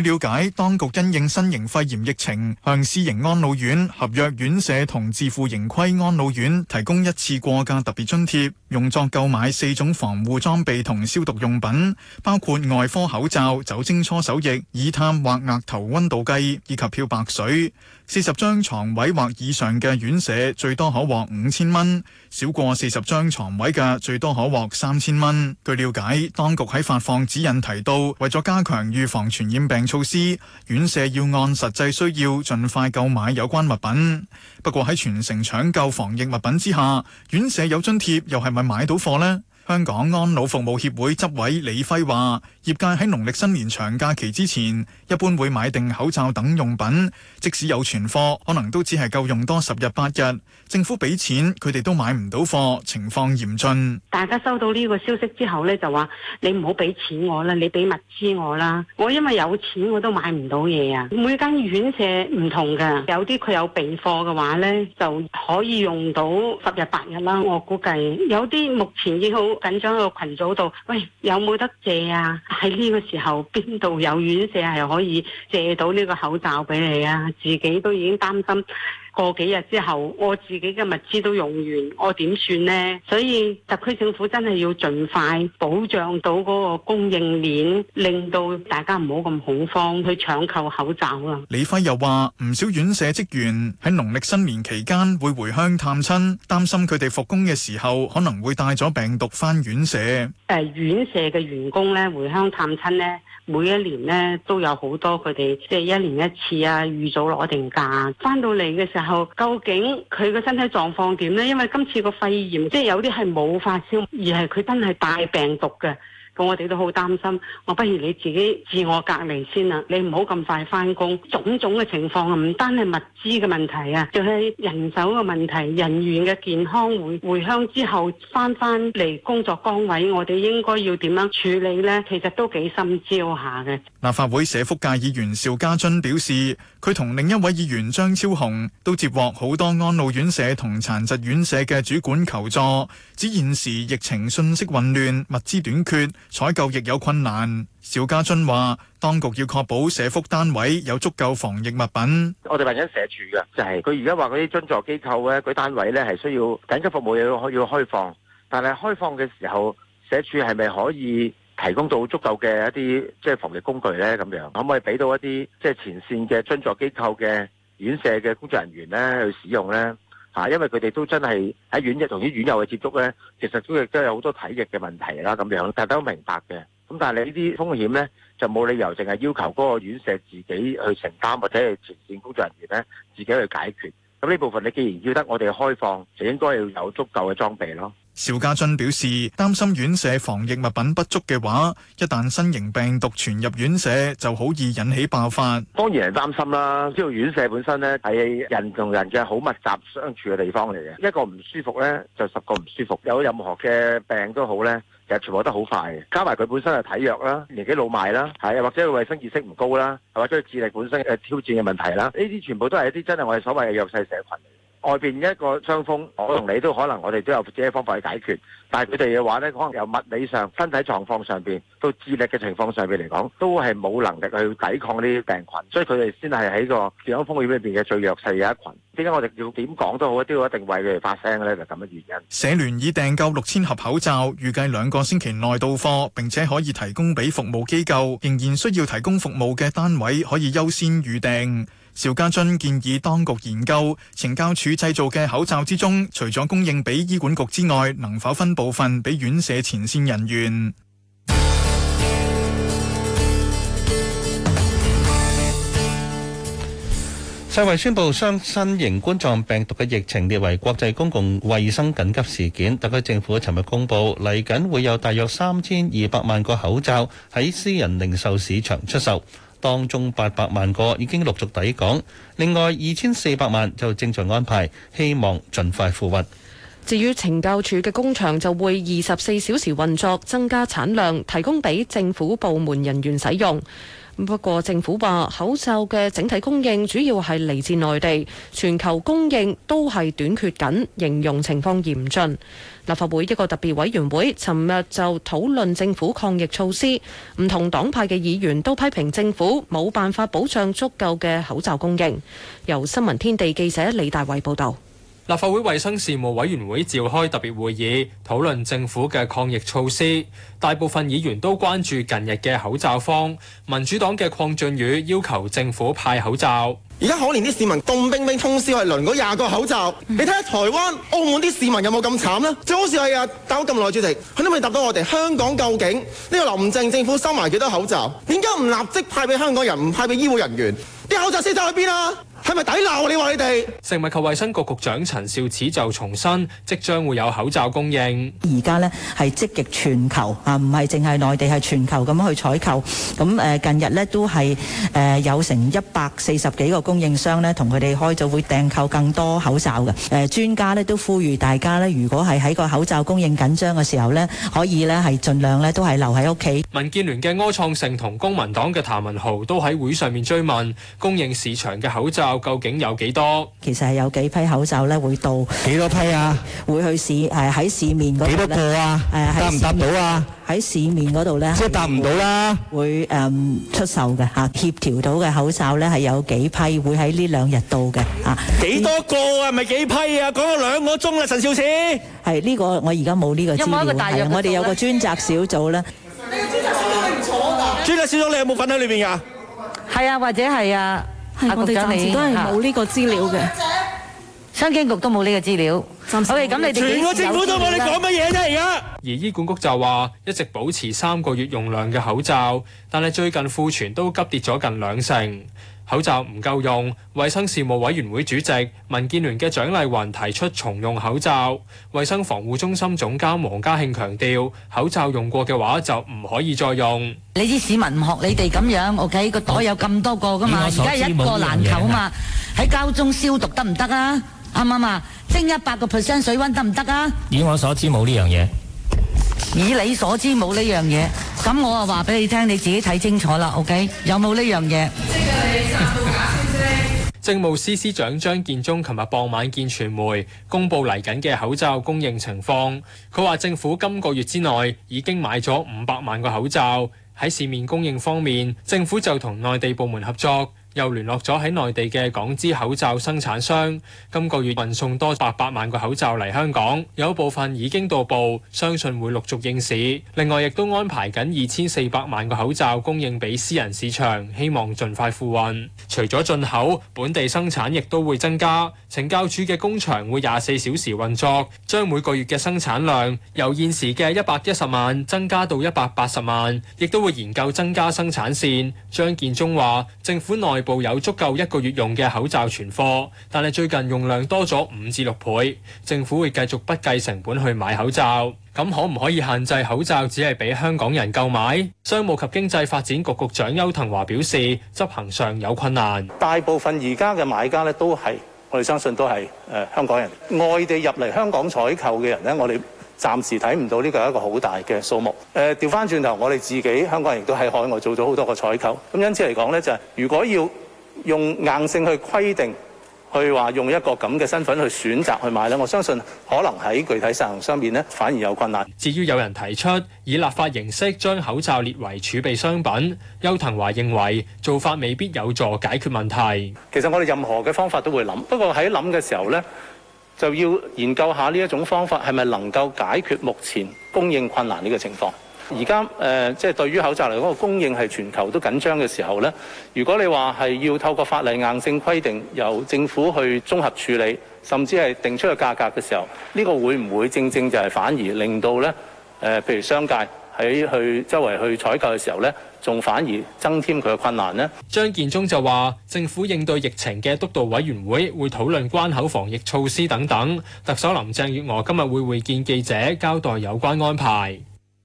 據了解，當局因應新型肺炎疫情，向私營安老院、合約院舍同自負盈虧安老院提供一次過嘅特別津貼，用作購買四種防護裝備同消毒用品，包括外科口罩、酒精搓手液、耳探或額頭溫度計以及漂白水。四十張床位或以上嘅院舍最多可獲五千蚊，少過四十張床位嘅最多可獲三千蚊。據了解，當局喺發放指引提到，為咗加強預防傳染病措施，院舍要按實際需要盡快購買有關物品。不過喺全城搶購防疫物品之下，院舍有津貼又係咪買到貨呢？香港安老服務協會執委李輝話：業界喺農曆新年長假期之前，一般會買定口罩等用品，即使有存貨，可能都只係夠用多十日八日。政府俾錢，佢哋都買唔到貨，情況嚴峻。大家收到呢個消息之後呢，就話：你唔好俾錢我啦，你俾物資我啦。我因為有錢，我都買唔到嘢啊。每間院舍唔同嘅，有啲佢有備貨嘅話呢，就可以用到十日八日啦。我估計有啲目前已經好緊張喺個群組度，喂，有冇得借啊？喺呢個時候，邊度有院舍係可以借到呢個口罩俾你啊？自己都已經擔心。過幾日之後，我自己嘅物資都用完，我點算呢？所以特區政府真係要盡快保障到嗰個供應鏈，令到大家唔好咁恐慌去搶購口罩啊！李輝又話，唔少院舍職員喺農曆新年期間會回鄉探親，擔心佢哋復工嘅時候可能會帶咗病毒翻院舍。誒，院舍嘅員工咧，回鄉探親咧。每一年咧都有好多佢哋，即係一年一次啊，預早攞定假，翻到嚟嘅時候，究竟佢嘅身體狀況點咧？因為今次個肺炎，即係有啲係冇發燒，而係佢真係帶病毒嘅。咁我哋都好擔心，我不如你自己自我隔離先啦，你唔好咁快翻工。種種嘅情況啊，唔單係物資嘅問題啊，就係人手嘅問題、人員嘅健康回。回回鄉之後翻翻嚟工作崗位，我哋應該要點樣處理呢？其實都幾心焦下嘅。立法會社福界議員邵家臻表示，佢同另一位議員張超雄都接獲好多安老院舍同殘疾院舍嘅主管求助，指現時疫情信息混亂、物資短缺。採購亦有困難，邵家臻話，當局要確保社福單位有足夠防疫物品。我哋問緊社署嘅，就係佢而家話嗰啲津助機構咧，佢單位咧係需要緊急服務要要開放，但係開放嘅時候，社署係咪可以提供到足夠嘅一啲即係防疫工具咧？咁樣可唔可以俾到一啲即係前線嘅津助機構嘅院舍嘅工作人員咧去使用咧？啊、因為佢哋都真係喺院舍同啲院友嘅接觸咧，其實都亦都有好多體液嘅問題啦，咁樣，大家都明白嘅。咁但係你呢啲風險咧，就冇理由淨係要求嗰個院舍自己去承擔，或者係前線工作人員咧自己去解決。咁呢部分你既然要得我哋開放，就應該要有足夠嘅裝備咯。邵家臻表示，擔心院舍防疫物品不足嘅話，一旦新型病毒傳入院舍，就好易引起爆發。當然係擔心啦，知道院舍本身咧係人同人嘅好密集相處嘅地方嚟嘅，一個唔舒服咧就十個唔舒服，有任何嘅病都好咧，其實全部都好快。加埋佢本身係體弱啦，年紀老邁啦，係啊，或者佢衛生意識唔高啦，係者跟住智力本身嘅挑戰嘅問題啦，呢啲全部都係一啲真係我哋所謂嘅弱勢社群。外邊一個傷風，我同你都可能，我哋都有自己方法去解決，但佢哋嘅話呢，可能由物理上、身體狀況上面，到智力嘅情況上面嚟講，都係冇能力去抵抗呢啲病菌，所以佢哋先係喺個治安風險裏面嘅最弱勢嘅一群。點解我哋要點講都好，都要一定為佢哋發聲呢？就咁嘅原因。社聯已訂購六千盒口罩，預計兩個星期內到貨，並且可以提供俾服務機構。仍然需要提供服務嘅單位可以優先預訂。邵家臻建議當局研究，懲教署製造嘅口罩之中，除咗供應俾醫管局之外，能否分部分俾院舍前線人員？世衛宣布將新型冠狀病毒嘅疫情列為國際公共衛生緊急事件。特區政府尋日公布，嚟緊會有大約三千二百萬個口罩喺私人零售市場出售。當中八百萬個已經陸續抵港，另外二千四百萬就正在安排，希望盡快付運。至於懲教署嘅工場，就會二十四小時運作，增加產量，提供俾政府部門人員使用。不過政府話口罩嘅整體供應主要係嚟自內地，全球供應都係短缺緊，形容情況嚴峻。立法會一個特別委員會尋日就討論政府抗疫措施，唔同黨派嘅議員都批評政府冇辦法保障足夠嘅口罩供應。由新聞天地記者李大偉報道。立法會衛生事務委員會召開特別會議，討論政府嘅抗疫措施，大部分議員都關注近日嘅口罩荒。民主黨嘅鄺俊宇要求政府派口罩。而家可憐啲市民凍冰冰通宵係輪嗰廿個口罩，嗯、你睇下台灣、澳門啲市民有冇咁慘咧？就好似係啊等咁耐，主席佢都未答到我哋。香港究竟呢、呢個林鄭政府收埋幾多口罩？點解唔立即派俾香港人？唔派俾醫護人員？啲口罩先走去邊啊？係咪抵鬧？你話你哋食物及衞生局局長陳肇始就重申，即將會有口罩供應。而家咧係積極全球啊，唔係淨係內地係全球咁樣去採購。咁誒近日咧都係誒有成一百四十幾個供應商咧同佢哋開咗會，訂購更多口罩嘅。誒專家咧都呼籲大家咧，如果係喺個口罩供應緊張嘅時候咧，可以咧係儘量咧都係留喺屋企。民建聯嘅柯創盛同公民黨嘅譚文豪都喺會上面追問供應市場嘅口罩，又究竟有幾多？其實係有幾批口罩咧會到幾多批啊？會去市係喺市面嗰幾多個啊？誒，答唔答到啊？喺市面嗰度咧，即係答唔到啦。會誒出售嘅嚇協調到嘅口罩咧係有幾批會喺呢兩日到嘅啊？幾多個啊？係咪幾批啊？講咗兩個鐘啦，陳小姐。係呢個我而家冇呢個資料。係我哋有個專責小組咧。你個專責小組你唔坐㗎？專責小組你有冇瞓喺裏邊㗎？係啊，或者係啊。我哋暫時都係冇呢個資料嘅，商經局都冇呢個資料。OK，咁你哋全個政府都冇你講乜嘢啫，而家。而醫管局就話一直保持三個月用量嘅口罩，但係最近庫存都急跌咗近兩成。口罩唔夠用，衛生事務委員會主席民建聯嘅蔣麗芸提出重用口罩。衛生防護中心總監黃加慶強調，口罩用過嘅話就唔可以再用。你啲市民唔學你哋咁樣，OK？個袋有咁多個噶嘛，而、哦、家一個難求嘛。喺、嗯、膠中消毒得唔得啊？啱唔啱？蒸一百個 percent 水温得唔得啊？以我所知冇呢樣嘢。以你所知冇呢樣嘢。咁我啊話俾你聽，你自己睇清楚啦，OK？有冇呢樣嘢？ 政務司司長張建宗琴日傍晚見傳媒公佈嚟緊嘅口罩供應情況。佢話政府今個月之內已經買咗五百萬個口罩。喺市面供應方面，政府就同內地部門合作。又聯絡咗喺內地嘅港資口罩生產商，今個月運送多八百萬個口罩嚟香港，有部分已經到埗，相信會陸續應市。另外，亦都安排緊二千四百萬個口罩供應俾私人市場，希望盡快付運。除咗進口，本地生產亦都會增加。懲教署嘅工場會廿四小時運作，將每個月嘅生產量由現時嘅一百一十萬增加到一百八十萬，亦都會研究增加生產線。張建宗話：政府內部有足夠一個月用嘅口罩存貨，但係最近用量多咗五至六倍。政府會繼續不計成本去買口罩，咁可唔可以限制口罩只係俾香港人購買？商務及經濟發展局局長邱騰華表示，執行上有困難。大部分而家嘅買家咧都係，我哋相信都係誒香港人，外地入嚟香港採購嘅人咧，我哋。暫時睇唔到呢個係一個好大嘅數目。誒、呃，調翻轉頭，我哋自己香港人亦都喺海外做咗好多個採購。咁因此嚟講呢，就係、是、如果要用硬性去規定，去話，用一個咁嘅身份去選擇去買呢，我相信可能喺具體實行上面呢，反而有困難。至於有人提出以立法形式將口罩列為儲備商品，邱騰華認為做法未必有助解決問題。其實我哋任何嘅方法都會諗，不過喺諗嘅時候呢。就要研究下呢一種方法係咪能夠解決目前供應困難呢個情況？而家誒，即係對於口罩嚟講，供應係全球都緊張嘅時候咧，如果你話係要透過法例硬性規定由政府去綜合處理，甚至係定出個價格嘅時候，呢個會唔會正正就係反而令到咧，呃，譬如商界。喺去周圍去採購嘅時候呢，仲反而增添佢嘅困難呢，張建宗就話：政府應對疫情嘅督導委員會會討論關口防疫措施等等。特首林鄭月娥今日會會見記者，交代有關安排。